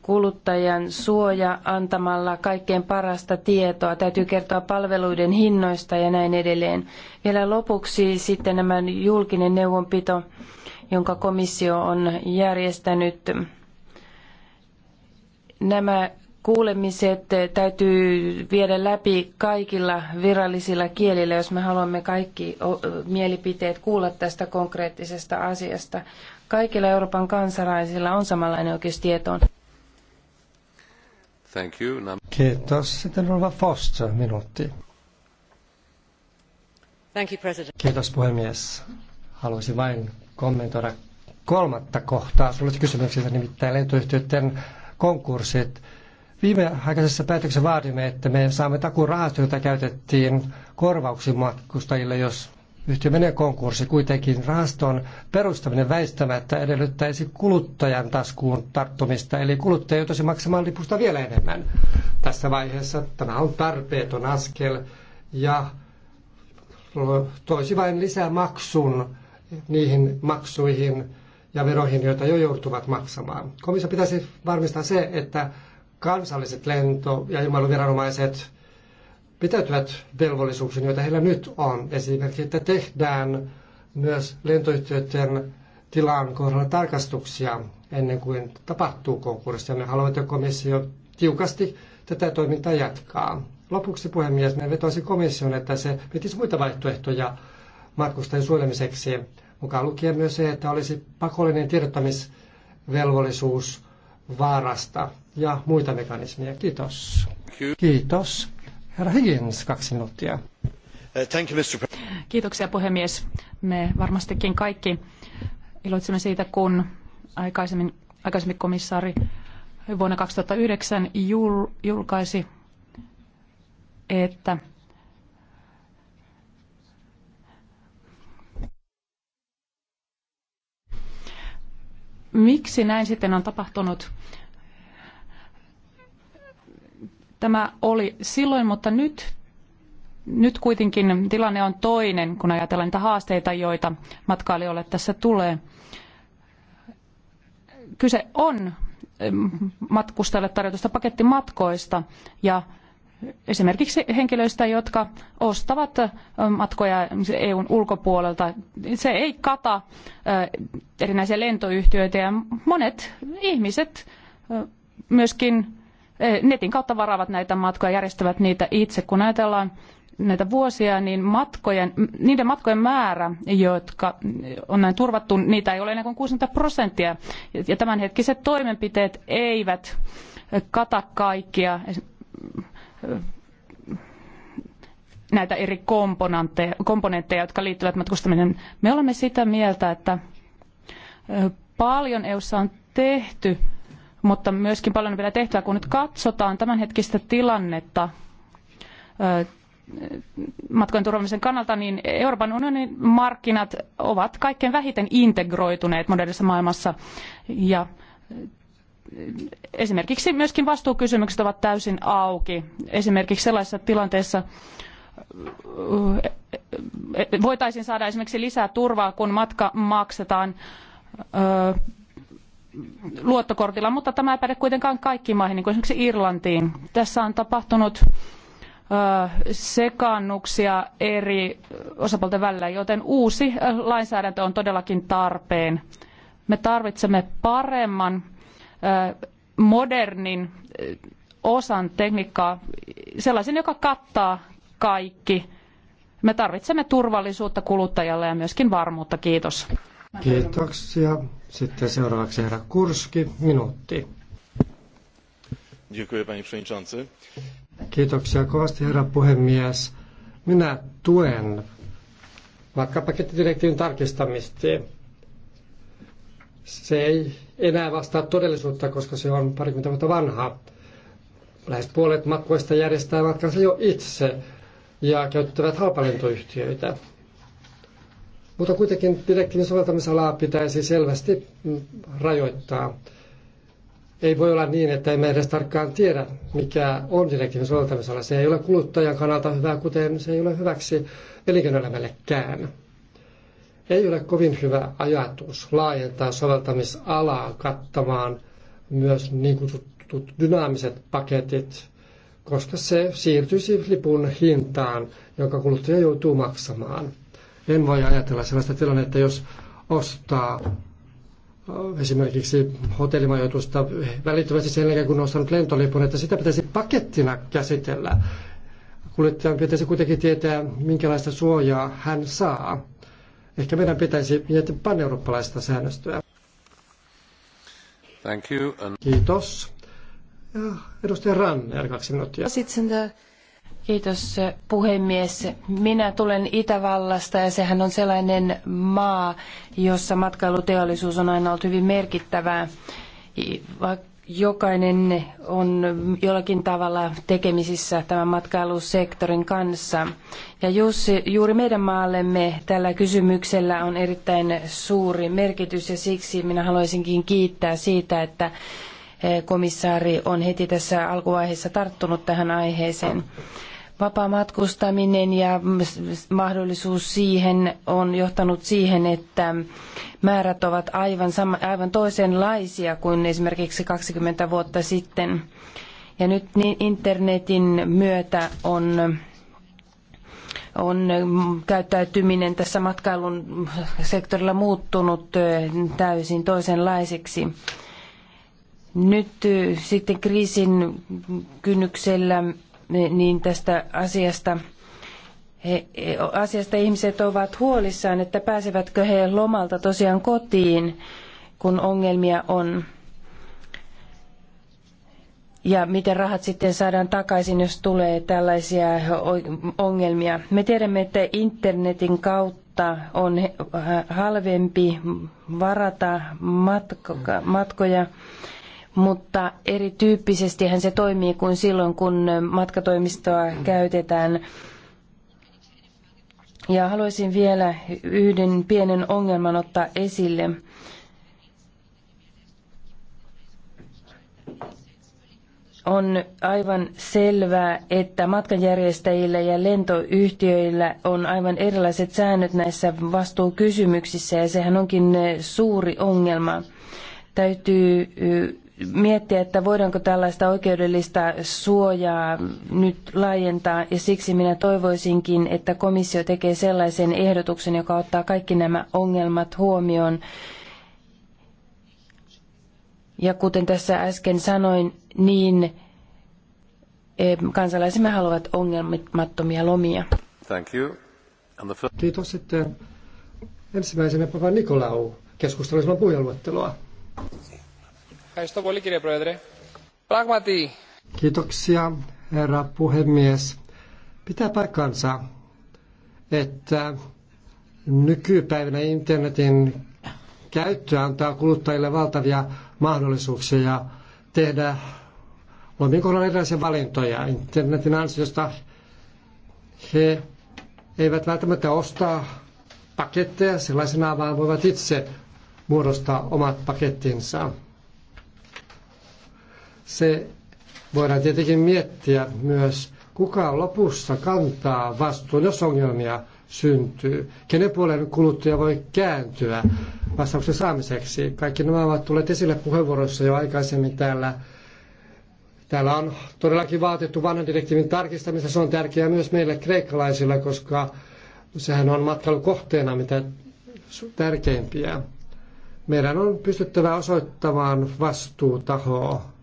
Speaker 7: kuluttajan suoja antamalla kaikkein parasta tietoa. Täytyy kertoa palveluiden hinnoista ja näin edelleen. Vielä lopuksi sitten nämä julkinen neuvonpito, jonka komissio on järjestänyt. Nämä kuulemiset täytyy viedä läpi kaikilla virallisilla kielillä, jos me haluamme kaikki mielipiteet kuulla tästä konkreettisesta asiasta. Kaikilla Euroopan kansalaisilla on samanlainen oikeus tietoon.
Speaker 3: Thank you. Now...
Speaker 4: Kiitos. Sitten Rova Foster, minuutti.
Speaker 7: Thank
Speaker 3: you,
Speaker 4: President. Kiitos puhemies. Haluaisin vain kommentoida kolmatta kohtaa. Sulla oli kysymyksiä nimittäin lentoyhtiöiden konkurssit Viimeaikaisessa päätöksessä vaadimme, että me saamme takuun rahasta, jota käytettiin korvauksiin matkustajille, jos yhtiö menee konkurssi. Kuitenkin rahaston perustaminen väistämättä edellyttäisi kuluttajan taskuun tarttumista, eli kuluttaja joutuisi maksamaan lipusta vielä enemmän. Tässä vaiheessa tämä on tarpeeton askel ja toisi vain lisää maksun niihin maksuihin ja veroihin, joita jo joutuvat maksamaan. Komissio pitäisi varmistaa se, että kansalliset lento- ja ilmailuviranomaiset pitäytyvät velvollisuuksiin, joita heillä nyt on. Esimerkiksi, että tehdään myös lentoyhtiöiden tilan kohdalla tarkastuksia ennen kuin tapahtuu konkurssi. me haluamme, että komissio tiukasti tätä toimintaa jatkaa. Lopuksi puhemies, me vetoisin komission, että se pitisi muita vaihtoehtoja matkustajien suojelemiseksi, mukaan lukien myös se, että olisi pakollinen tiedottamisvelvollisuus vaarasta ja muita mekanismeja. Kiitos. Kiitos. Herra Higgins, kaksi minuuttia.
Speaker 5: Thank you, Mr.
Speaker 6: Kiitoksia puhemies. Me varmastikin kaikki iloitsemme siitä, kun aikaisemmin, aikaisemmin komissaari vuonna 2009 jul, julkaisi, että miksi näin sitten on tapahtunut? tämä oli silloin, mutta nyt, nyt kuitenkin tilanne on toinen, kun ajatellaan niitä haasteita, joita matkailijoille tässä tulee. Kyse on matkustajille tarjotusta pakettimatkoista ja esimerkiksi henkilöistä, jotka ostavat matkoja EUn ulkopuolelta. Se ei kata erinäisiä lentoyhtiöitä ja monet ihmiset myöskin netin kautta varaavat näitä matkoja, järjestävät niitä itse. Kun ajatellaan näitä vuosia, niin matkojen, niiden matkojen määrä, jotka on näin turvattu, niitä ei ole enää kuin 60 prosenttia. Ja tämänhetkiset toimenpiteet eivät kata kaikkia näitä eri komponentteja, komponentteja, jotka liittyvät matkustamiseen. Me olemme sitä mieltä, että paljon EUssa on tehty mutta myöskin paljon on vielä tehtävä. Kun nyt katsotaan tämänhetkistä tilannetta matkojen turvamisen kannalta, niin Euroopan unionin markkinat ovat kaikkein vähiten integroituneet modernissa maailmassa. Ja esimerkiksi myöskin vastuukysymykset ovat täysin auki. Esimerkiksi sellaisessa tilanteessa voitaisiin saada esimerkiksi lisää turvaa, kun matka maksetaan luottokortilla, mutta tämä ei päde kuitenkaan kaikkiin maihin, niin kuin esimerkiksi Irlantiin. Tässä on tapahtunut sekannuksia eri osapuolten välillä, joten uusi lainsäädäntö on todellakin tarpeen. Me tarvitsemme paremman, modernin osan tekniikkaa, sellaisen, joka kattaa kaikki. Me tarvitsemme turvallisuutta kuluttajalle ja myöskin varmuutta. Kiitos.
Speaker 4: Kiitoksia. Sitten seuraavaksi herra Kurski, minuutti. Kiitoksia kovasti herra puhemies. Minä tuen vaikka pakettidirektiivin tarkistamista. Se ei enää vastaa todellisuutta, koska se on parikymmentä vuotta vanha. Lähes puolet matkoista järjestää matkansa jo itse ja käyttävät halpalentoyhtiöitä. Mutta kuitenkin direktiivin soveltamisalaa pitäisi selvästi mm, rajoittaa. Ei voi olla niin, että emme edes tarkkaan tiedä, mikä on direktiivin soveltamisala. Se ei ole kuluttajan kannalta hyvä, kuten se ei ole hyväksi elinkeinoelämällekään. Ei ole kovin hyvä ajatus laajentaa soveltamisalaa kattamaan myös niin kutsutut dynaamiset paketit, koska se siirtyisi lipun hintaan, jonka kuluttaja joutuu maksamaan. En voi ajatella sellaista tilannetta, jos ostaa esimerkiksi hotellimajoitusta välittömästi sen jälkeen, kun on ostanut lentolipun, että sitä pitäisi pakettina käsitellä. Kuljettajan pitäisi kuitenkin tietää, minkälaista suojaa hän saa. Ehkä meidän pitäisi miettiä paneurooppalaista säännöstöä. Thank you. And... Kiitos. Ja edustaja Ranner, kaksi minuuttia.
Speaker 7: Sitten Kiitos puhemies. Minä tulen Itävallasta ja sehän on sellainen maa, jossa matkailuteollisuus on aina ollut hyvin merkittävää. Jokainen on jollakin tavalla tekemisissä tämän matkailusektorin kanssa. Ja jos juuri meidän maallemme tällä kysymyksellä on erittäin suuri merkitys ja siksi minä haluaisinkin kiittää siitä, että eh, komissaari on heti tässä alkuvaiheessa tarttunut tähän aiheeseen. Vapaa matkustaminen ja mm, mahdollisuus siihen on johtanut siihen, että määrät ovat aivan, sama, aivan toisenlaisia kuin esimerkiksi 20 vuotta sitten. Ja nyt internetin myötä on on mm, käyttäytyminen tässä matkailun sektorilla muuttunut täysin toisenlaiseksi. Nyt sitten kriisin kynnyksellä niin tästä asiasta he, asiasta ihmiset ovat huolissaan, että pääsevätkö he lomalta tosiaan kotiin, kun ongelmia on. Ja miten rahat sitten saadaan takaisin, jos tulee tällaisia ongelmia. Me tiedämme, että internetin kautta on äh, halvempi varata matkoja mutta erityyppisestihän se toimii kuin silloin, kun matkatoimistoa käytetään. Ja haluaisin vielä yhden pienen ongelman ottaa esille. on aivan selvää, että matkanjärjestäjillä ja lentoyhtiöillä on aivan erilaiset säännöt näissä vastuukysymyksissä ja sehän onkin suuri ongelma. Täytyy miettiä, että voidaanko tällaista oikeudellista suojaa nyt laajentaa, ja siksi minä toivoisinkin, että komissio tekee sellaisen ehdotuksen, joka ottaa kaikki nämä ongelmat huomioon. Ja kuten tässä äsken sanoin, niin eh, kansalaisemme haluavat ongelmattomia lomia.
Speaker 4: Thank you. First... Kiitos sitten ensimmäisenä Papa Nikolau keskustelusilla puheenluetteloa. Kiitoksia, herra puhemies. Pitää paikkansa, että nykypäivänä internetin käyttö antaa kuluttajille valtavia mahdollisuuksia tehdä lomien kohdalla erilaisia valintoja. Internetin ansiosta he eivät välttämättä osta paketteja sellaisena, vaan voivat itse muodostaa omat pakettinsa. Se voidaan tietenkin miettiä myös, kuka lopussa kantaa vastuun, jos ongelmia syntyy. Kenen puolen kuluttaja voi kääntyä vastauksen saamiseksi. Kaikki nämä ovat tulleet esille puheenvuoroissa jo aikaisemmin täällä. Täällä on todellakin vaatettu vanhan direktiivin tarkistamista. Se on tärkeää myös meille kreikkalaisille, koska sehän on matkailukohteena mitä tärkeimpiä. Meidän on pystyttävä osoittamaan vastuutahoa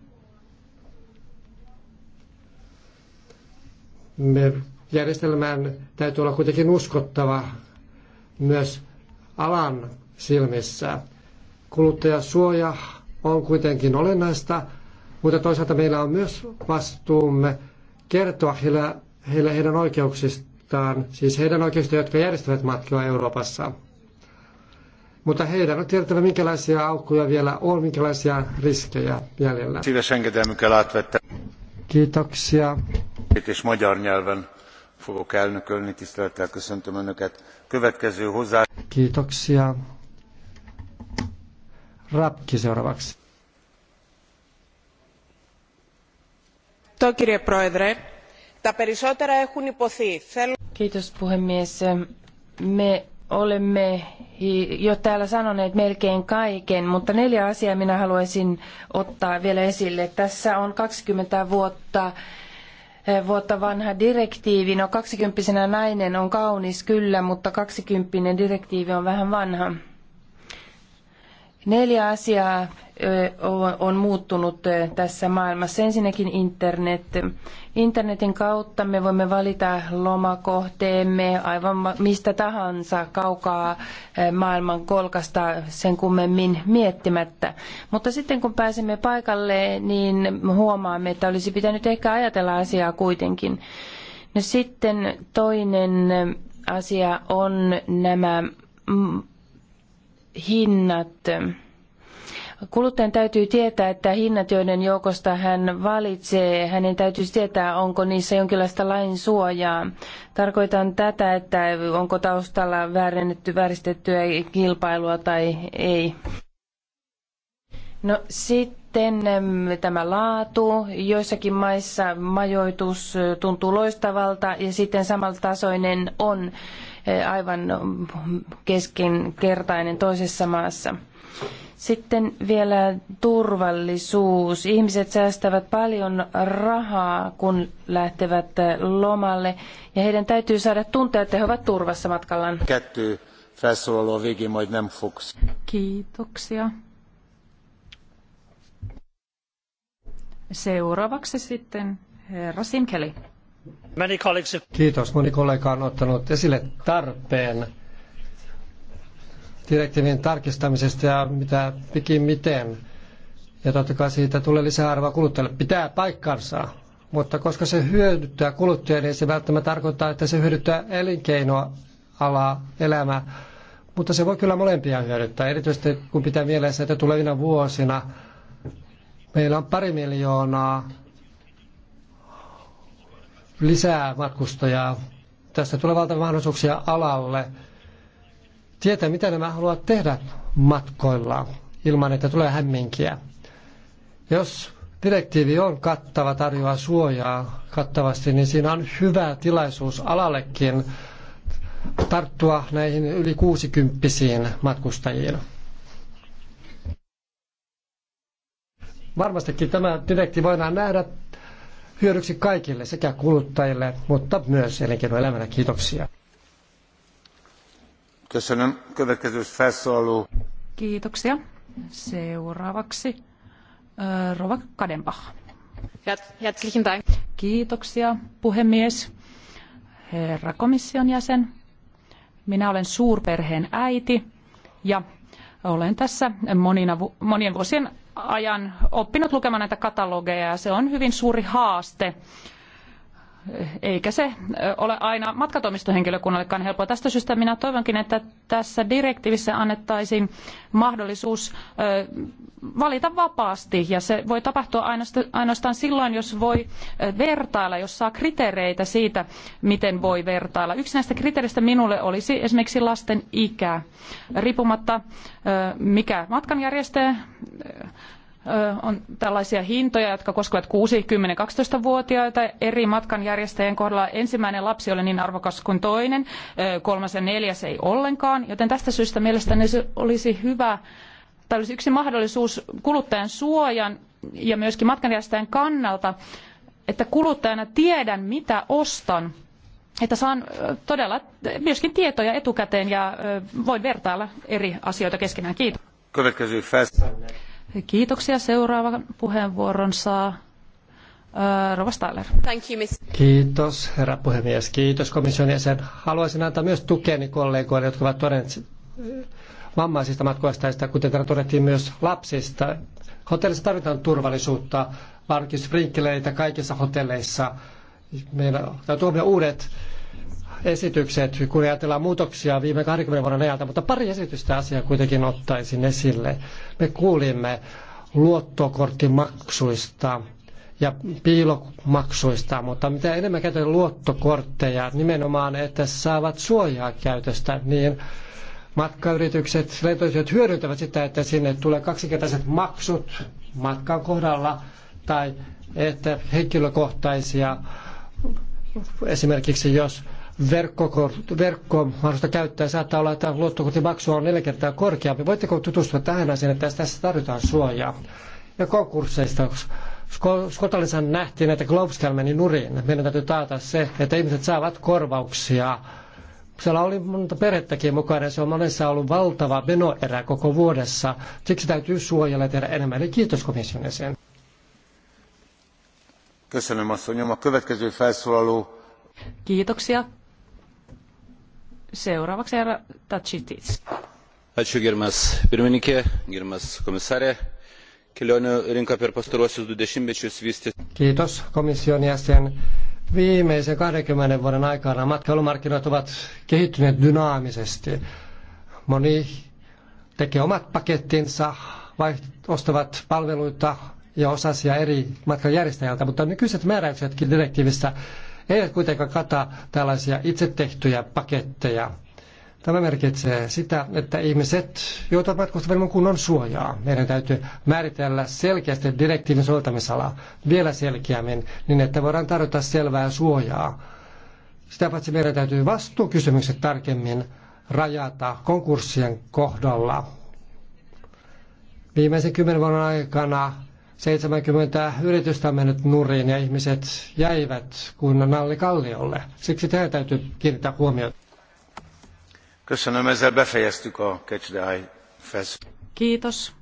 Speaker 4: Me järjestelmän täytyy olla kuitenkin uskottava myös alan silmissä. Kuluttajasuoja on kuitenkin olennaista, mutta toisaalta meillä on myös vastuumme kertoa heille heille heidän oikeuksistaan, siis heidän oikeuksistaan, jotka järjestävät matkoja Euroopassa. Mutta heidän on tiedettävä, minkälaisia aukkoja vielä on, minkälaisia riskejä jäljellä. Kiitoksia
Speaker 2: és magyar nyelven fogok elnökölni. Tisztelettel köszöntöm Önöket. Következő hozzá...
Speaker 4: Kiitos
Speaker 7: puhemies. Me olemme jo täällä sanoneet melkein kaiken, mutta neljä asiaa minä haluaisin ottaa vielä esille. Tässä on 20 vuotta vuotta vanha direktiivi. No kaksikymppisenä nainen on kaunis kyllä, mutta kaksikymppinen direktiivi on vähän vanha. Neljä asiaa on muuttunut tässä maailmassa. Ensinnäkin internet. Internetin kautta me voimme valita lomakohteemme aivan mistä tahansa kaukaa maailman kolkasta sen kummemmin miettimättä. Mutta sitten kun pääsemme paikalle, niin huomaamme, että olisi pitänyt ehkä ajatella asiaa kuitenkin. No sitten toinen asia on nämä hinnat. Kuluttajan täytyy tietää, että hinnat, joiden joukosta hän valitsee, hänen täytyy tietää, onko niissä jonkinlaista lain suojaa. Tarkoitan tätä, että onko taustalla väärennetty, vääristettyä kilpailua tai ei. No sitten tämä laatu. Joissakin maissa majoitus tuntuu loistavalta ja sitten tasoinen on Eh, aivan keskinkertainen toisessa maassa. Sitten vielä turvallisuus. Ihmiset säästävät paljon rahaa, kun lähtevät eh, lomalle, ja heidän täytyy saada tuntea, että he ovat turvassa matkallaan. Kiitoksia.
Speaker 6: Seuraavaksi sitten herra Simkeli.
Speaker 4: Kiitos. Moni kollega on ottanut esille tarpeen direktiivin tarkistamisesta ja mitä pikimmiten. Ja totta kai siitä tulee lisäarvoa kuluttajalle. Pitää paikkansa, mutta koska se hyödyttää kuluttajia, niin se välttämättä tarkoittaa, että se hyödyttää elinkeinoa, alaa, elämää. Mutta se voi kyllä molempia hyödyttää, erityisesti kun pitää mielessä, että tulevina vuosina meillä on pari miljoonaa lisää matkustajaa. Tästä tulee valtavia mahdollisuuksia alalle tietää, mitä nämä haluavat tehdä matkoilla ilman, että tulee hämminkiä. Jos direktiivi on kattava, tarjoaa suojaa kattavasti, niin siinä on hyvä tilaisuus alallekin tarttua näihin yli 60 matkustajiin. Varmastikin tämä direktiivi voidaan nähdä hyödyksi kaikille, sekä kuluttajille, mutta myös elinkeinoelämälle. Kiitoksia. Kiitoksia. Seuraavaksi
Speaker 6: Rova Kadenbach. Herzlichen Dank. Kiitoksia, puhemies. Herra komission jäsen, minä olen suurperheen äiti ja olen tässä monina, monien vuosien ajan oppinut lukemaan näitä katalogeja ja se on hyvin suuri haaste eikä se ole aina matkatoimistohenkilökunnallekaan helppoa. Tästä syystä minä toivonkin, että tässä direktiivissä annettaisiin mahdollisuus valita vapaasti ja se voi tapahtua ainoastaan silloin, jos voi vertailla, jos saa kriteereitä siitä, miten voi vertailla. Yksi näistä kriteereistä minulle olisi esimerkiksi lasten ikä. Riippumatta mikä matkanjärjestäjä on tällaisia hintoja, jotka koskevat kymmenen 10 12 vuotiaita eri matkanjärjestäjien kohdalla. Ensimmäinen lapsi oli niin arvokas kuin toinen, kolmas ja neljäs ei ollenkaan, joten tästä syystä mielestäni se olisi hyvä, tai olisi yksi mahdollisuus kuluttajan suojan ja myöskin matkanjärjestäjän kannalta, että kuluttajana tiedän, mitä ostan, että saan todella myöskin tietoja etukäteen ja voin vertailla eri asioita keskenään. Kiitos. Kiitoksia. Seuraavan puheenvuoron saa Rova
Speaker 4: Kiitos herra puhemies. Kiitos komission jäsen. Haluaisin antaa myös tukeni kollegoille, jotka ovat todenneet vammaisista matkustajista, kuten täällä todettiin myös lapsista. Hotellissa tarvitaan turvallisuutta, varsinkin sprinkkeleitä kaikissa hotelleissa. Meillä täytyy huomioida uudet esitykset, kun ajatellaan muutoksia viime 20 vuoden ajalta, mutta pari esitystä asiaa kuitenkin ottaisin esille. Me kuulimme luottokorttimaksuista ja piilomaksuista, mutta mitä enemmän käytetään luottokortteja, nimenomaan, että saavat suojaa käytöstä, niin matkayritykset, lentoyhtiöt hyödyntävät sitä, että sinne tulee kaksinkertaiset maksut matkan kohdalla tai että henkilökohtaisia esimerkiksi jos verkkomahdollisuutta käyttää. Saattaa olla, että luottokorttimaksu on neljä kertaa korkeampi. Voitteko tutustua tähän asiaan, että tässä tarvitaan suojaa? Ja konkursseista. Skotlannissa nähtiin, että Globescal meni nurin. Meidän täytyy taata se, että ihmiset saavat korvauksia. Siellä oli monta perhettäkin mukana ja se on monessa ollut valtava menoerä koko vuodessa. Siksi täytyy suojella ja tehdä enemmän. Eli kiitos komission jäsen.
Speaker 2: Köszönöm, asszonyom. A következő felszólaló
Speaker 6: Kiitoksia. Seuraavaksi herra
Speaker 4: Tachitis.
Speaker 2: Ačiū gerbiamas pirmininkė, gerbiamas komisarė. Kelionių rinka per pastaruosius du dešimtmečius vystė.
Speaker 4: Kiitos komission jäsen. Viimeisen 20 vuoden aikana matkailumarkkinat ovat kehittyneet dynaamisesti. Moni tekee omat pakettinsa, ostavat palveluita ja osasia eri matkanjärjestäjältä, mutta nykyiset määräyksetkin direktiivissä eivät kuitenkaan kata tällaisia itse tehtyjä paketteja. Tämä merkitsee sitä, että ihmiset joutuvat matkustamaan kunnon suojaa. Meidän täytyy määritellä selkeästi direktiivin soveltamisala vielä selkeämmin, niin että voidaan tarjota selvää suojaa. Sitä paitsi meidän täytyy vastuukysymykset tarkemmin rajata konkurssien kohdalla. Viimeisen kymmenen vuoden aikana 70 yritystä on mennyt nurin ja ihmiset jäivät kunnan alli kalliolle. Siksi tähän täytyy kiinnittää huomiota. Kiitos.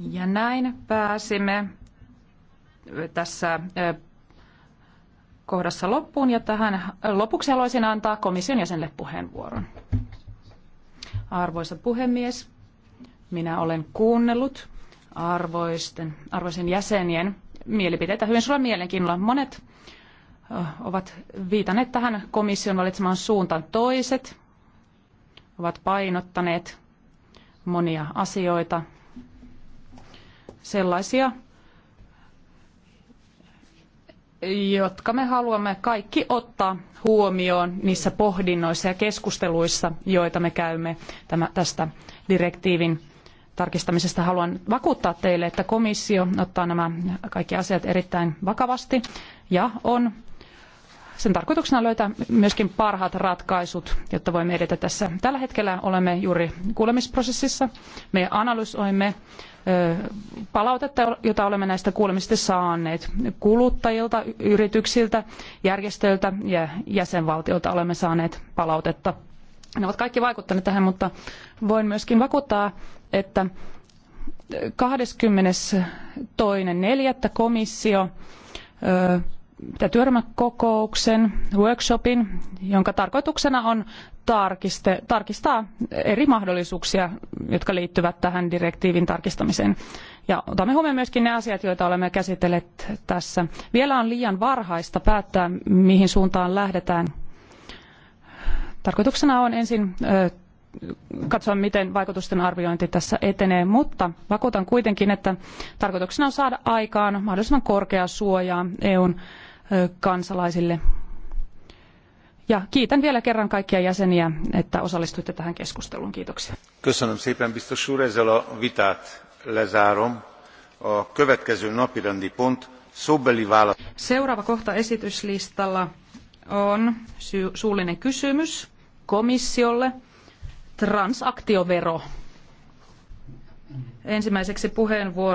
Speaker 6: Ja näin pääsimme tässä kohdassa loppuun ja tähän lopuksi haluaisin antaa komission jäsenelle puheenvuoron. Arvoisa puhemies, minä olen kuunnellut arvoisten, arvoisen jäsenien mielipiteitä hyvin suurella mielenkiinnolla. Monet ovat viitanneet tähän komission valitsemaan suuntaan. Toiset ovat painottaneet monia asioita, sellaisia, jotka me haluamme kaikki ottaa huomioon niissä pohdinnoissa ja keskusteluissa, joita me käymme tästä direktiivin tarkistamisesta haluan vakuuttaa teille, että komissio ottaa nämä kaikki asiat erittäin vakavasti ja on sen tarkoituksena löytää myöskin parhaat ratkaisut, jotta voimme edetä tässä. Tällä hetkellä olemme juuri kuulemisprosessissa. Me analysoimme palautetta, jota olemme näistä kuulemisista saaneet kuluttajilta, yrityksiltä, järjestöiltä ja jäsenvaltioilta olemme saaneet palautetta. Ne ovat kaikki vaikuttaneet tähän, mutta voin myöskin vakuuttaa että 22.4. komissio pitää työryhmäkokouksen, workshopin, jonka tarkoituksena on tarkistaa eri mahdollisuuksia, jotka liittyvät tähän direktiivin tarkistamiseen. Ja otamme huomioon myöskin ne asiat, joita olemme käsitelleet tässä. Vielä on liian varhaista päättää, mihin suuntaan lähdetään. Tarkoituksena on ensin katsoa, miten vaikutusten arviointi tässä etenee, mutta vakuutan kuitenkin, että tarkoituksena on saada aikaan mahdollisimman korkeaa suojaa EUn kansalaisille. Ja kiitän vielä kerran kaikkia jäseniä, että osallistuitte tähän keskusteluun. Kiitoksia.
Speaker 2: Köszönöm szépen, biztos úr, ezzel a vitát lezárom. A következő napirendi pont szóbeli válasz.
Speaker 6: Seuraava kohta esityslistalla on suullinen kysymys komissiolle transaktiovero. Ensimmäiseksi
Speaker 3: puheenvuoro